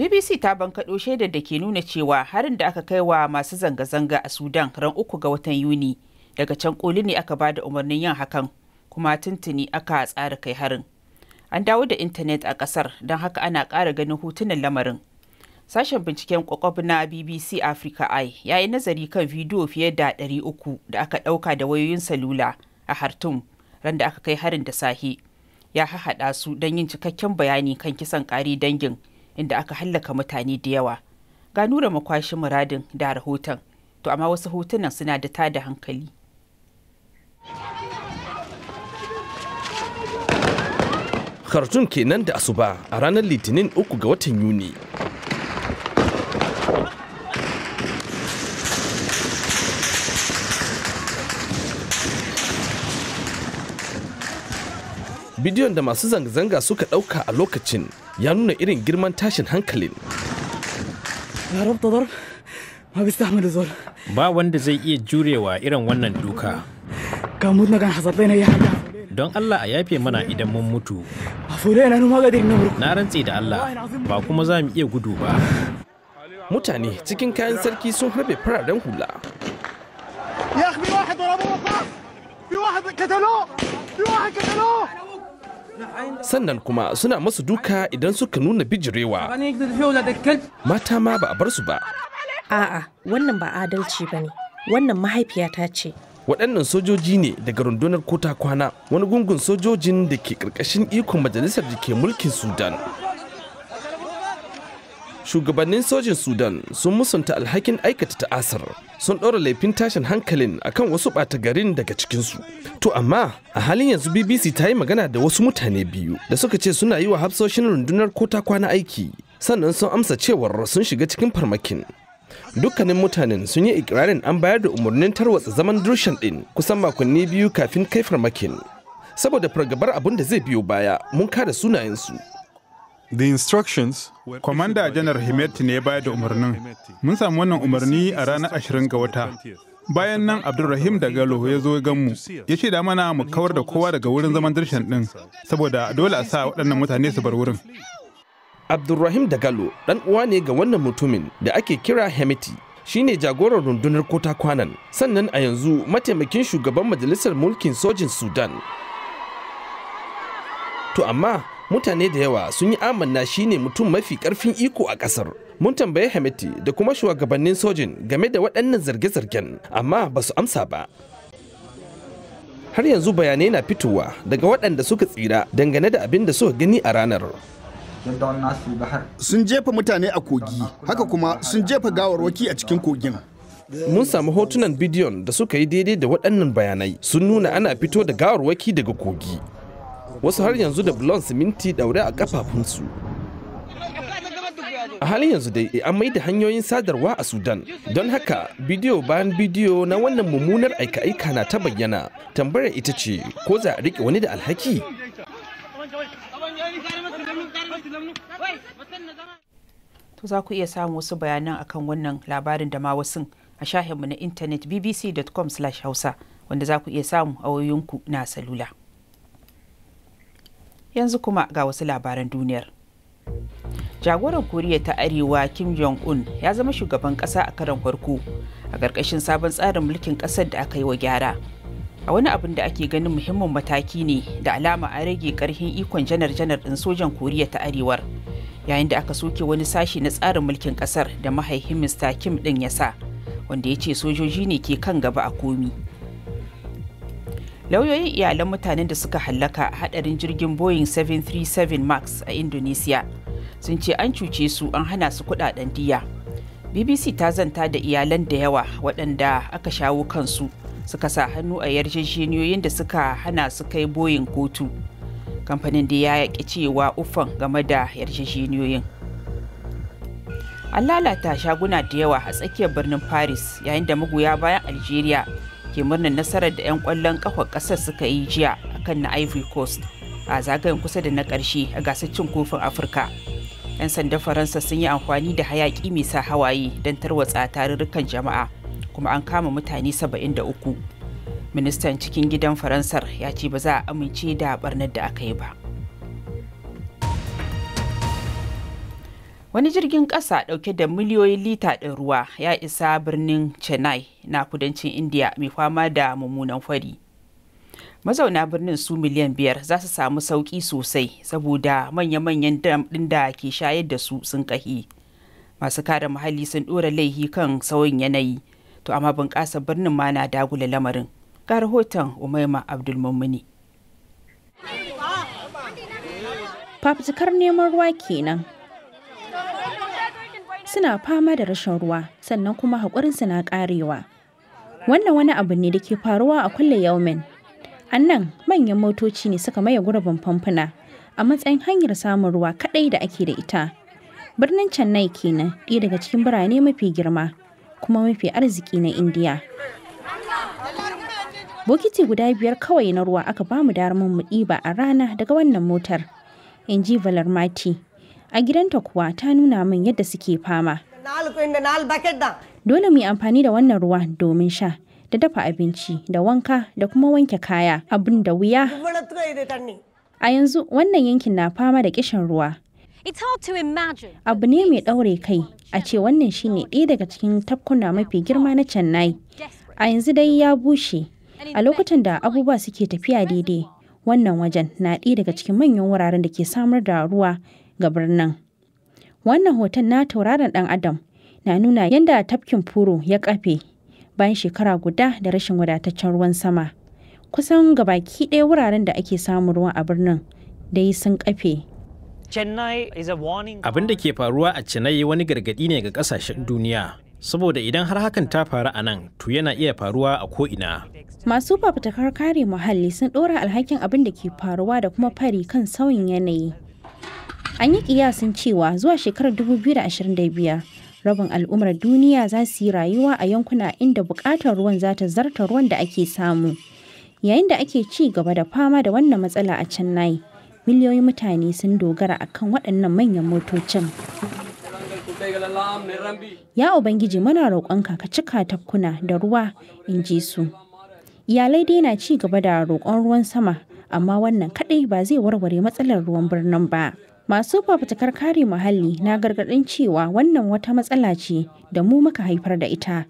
BBC ta bankaɗo shaidar da ke nuna cewa harin da aka kai wa masu zanga-zanga a Sudan ran uku ga watan Yuni daga can koli ne aka bada umarnin yin hakan kuma tuntuni aka tsara kai harin. An dawo da intanet a ƙasar don haka ana ƙara ganin hotunan lamarin. Sashen binciken kwakwab na BBC Africa Eye ya yi nazari kan bidiyo fiye da ɗari uku da aka ɗauka da wayoyin salula a Hartum ran da aka kai harin da sahi. Ya hahaɗa su don yin cikakken bayani kan kisan ƙari dangin inda aka hallaka mutane da yawa ga nura makwashi muradin da rahoton to amma wasu hotunan suna da tada hankali Khartoum kenan da asuba a ranar Litinin 3 ga watan Yuni bidiyon da masu zanga-zanga suka ɗauka a lokacin ya nuna irin girman tashin hankalin ba wanda zai iya jurewa irin wannan duka don Allah a yafe mana idan mun mutu na rantse da Allah ba kuma za mu iya gudu ba mutane cikin kayan sarki sun harbe fararen hula في واحد ضربوه في واحد قتلوه في واحد قتلوه sannan kuma suna masu duka idan suka nuna bijirewa mata ma ba a bar su ba a'a wannan ba adalci ba ne wannan mahaifiyata ce waɗannan sojoji ne daga rundunar kota kwana wani gungun sojojin da ke ƙarƙashin ikon majalisar da ke mulkin sudan shugabannin sojin sudan sun musanta alhakin aikata ta'asar sun ɗora laifin tashin hankalin akan wasu ɓata garin daga cikinsu to amma a halin yanzu bbc ta yi magana da wasu mutane biyu da suka ce suna yi wa hafsoshin rundunar ko kwana aiki sannan sun amsa cewar sun shiga cikin farmakin dukkanin mutanen sun yi ikirarin an bayar da umarnin tarwatsa zaman dushen ɗin kusan makonni biyu kafin kai farmakin saboda fargabar abin da zai biyo baya mun kada sunayensu The Instructions. Kwamanda Janar Himeti ne ya bayar da umarnin. Mun samu wannan umarni a ranar 20 ga wata. Bayan nan Abdulrahim da Galo ya zo gan mu, ya da mana mu kawar da kowa daga wurin zaman dirshan din saboda dole a sa waɗannan mutane su bar wurin. Abdulrahim da Galo dan uwa ne ga wannan mutumin da ake kira Hemeti. ne jagoran rundunar kota kwanan sannan a yanzu mataimakin shugaban majalisar mulkin sojin sudan to amma mutane da yawa sun yi amanna shine mutum mafi karfin iko a kasar mun tambayi hamiti da kuma shugabannin sojin game da waɗannan zarge-zargen amma ba su amsa ba har yanzu bayanai na fitowa daga waɗanda suka tsira dangane da abin da suka gani a ranar sun jefa mutane a kogi haka kuma sun jefa gawarwaki a cikin kogin mun samu hotunan bidiyon da suka yi daidai da waɗannan bayanai sun nuna ana fito da gawarwaki daga kogi wasu har yanzu da bulon siminti daure a kafafunsu a halin yanzu dai eh, an mai da hanyoyin sadarwa a sudan don haka bidiyo bayan bidiyo na wannan mummunar aika-aika na ta bayyana tambayar ita ce ko za a rike wani da alhaki to za ku iya samun wasu bayanan akan wannan labarin da ma wasu a shahinmu na intanet bbc.com/hausa wanda za ku iya samu a wayoyinku na salula. yanzu kuma ga wasu labaran duniyar jagoran koriya ta arewa kim jong-un ya zama shugaban kasa a karon farko a ƙarƙashin sabon tsarin mulkin ƙasar da aka yi wa gyara a wani abin da ake ganin muhimmin mataki ne da alama a rage ƙarfin ikon janar-janar ɗin sojan koriya ta arewar yayin da aka soke wani sashi na tsarin mulkin ƙasar da mahaifin mr kim ɗin ya sa wanda ya ce sojoji ne ke kan gaba a komi lauyoyin iyalan mutanen da suka hallaka a hadarin jirgin boeing 737 max a indonesia sun ce an cuce su an hana su kudaden diya bbc ta zanta da iyalan da yawa waɗanda aka shawo kansu suka sa hannu a yarjejeniyoyin da suka hana su kai boyin kotu kamfanin da ya yaƙi cewa ufan game da yarjejeniyoyin an lalata shaguna da yawa a tsakiyar birnin paris yayin da magoya bayan algeria ke murnar nasarar da 'yan kwallon kafa ƙasar suka yi jiya a kan na ivory coast a zagayen kusa da na ƙarshe a gasar cin kofin afirka 'yan sandan faransa sun yi amfani da hayaƙi mai sa hawaye don tarwatsa tarurrukan jama'a kuma an kama mutane 73 ministan cikin gidan faransar ya ce ba za a amince da barnar da aka yi ba wani jirgin ƙasa ɗauke da miliyoyin lita ɗin ruwa ya isa birnin chennai na kudancin india mai fama da mummunan fari mazauna birnin su miliyan biyar za su samu sauƙi sosai saboda manya-manyan dam ɗin da ke shayar da su sun ƙahi masu kare muhalli sun ɗora laihi kan sauyin yanayi to amma bunƙasa birnin ma na dagula lamarin ga rahoton umaima abdulmumini fafutukar neman ruwa kenan suna fama da rashin ruwa sannan kuma haƙurinsu na ƙarewa. Wannan wani abu ne da ke faruwa a kulle yaumin. A nan manyan motoci ne suka maye gurbin famfuna a matsayin hanyar samun ruwa kaɗai da ake da ita. Birnin Chennai kenan ɗaya daga cikin birane mafi girma kuma mafi arziki na Indiya. Bokiti guda biyar kawai na ruwa aka bamu damar mu ɗiba a rana daga wannan motar, in ji Valarmati, A gidanta kuwa ta nuna min yadda suke fama. Dole mu yi amfani da wannan ruwa domin sha, da dafa abinci, da wanka, da kuma wanke kaya, abin da wuya. A yanzu wannan yankin na fama da kishin ruwa. Abu ne mai ɗaure kai, a ce wannan shine ɗaya daga cikin tafkuna mafi girma na Chennai. A yanzu dai ya bushe. A lokutan da abubuwa suke tafiya daidai, wannan wajen na ɗaya daga cikin manyan wuraren da ke samar da ruwa ga birnin. Wannan hoton na tauraron ɗan Adam na nuna yadda tafkin furo ya kafe bayan shekara guda da rashin wadataccen ruwan sama. Kusan ga baki ɗaya wuraren da ake samun ruwa a birnin dai sun kafe. Abin da ke faruwa a Chennai wani gargaɗi ne ga ƙasashen duniya. saboda idan har hakan ta faru a nan to yana iya faruwa a ko'ina. Masu fafutukar kare muhalli sun ɗora alhakin abin da ke faruwa da kuma fari kan sauyin yanayi An yi kiyasin cewa zuwa shekarar 2025 rabin al'ummar duniya za su yi rayuwa a yankuna inda bukatar ruwan za ta zarta ruwan da ake samu. Yayin da ake ci gaba da fama da wannan matsala a Chennai, miliyoyin mutane sun dogara a kan waɗannan manyan motocin. Ya Ubangiji muna roƙonka ka cika tafkuna da ruwa in ji su. Iyalai dai na ci gaba da roƙon ruwan sama, amma wannan kaɗai ba zai warware matsalar ruwan birnin ba. Masu fafutukar kare muhalli na gargaɗin cewa wannan wata matsala ce da mu muka haifar da ita.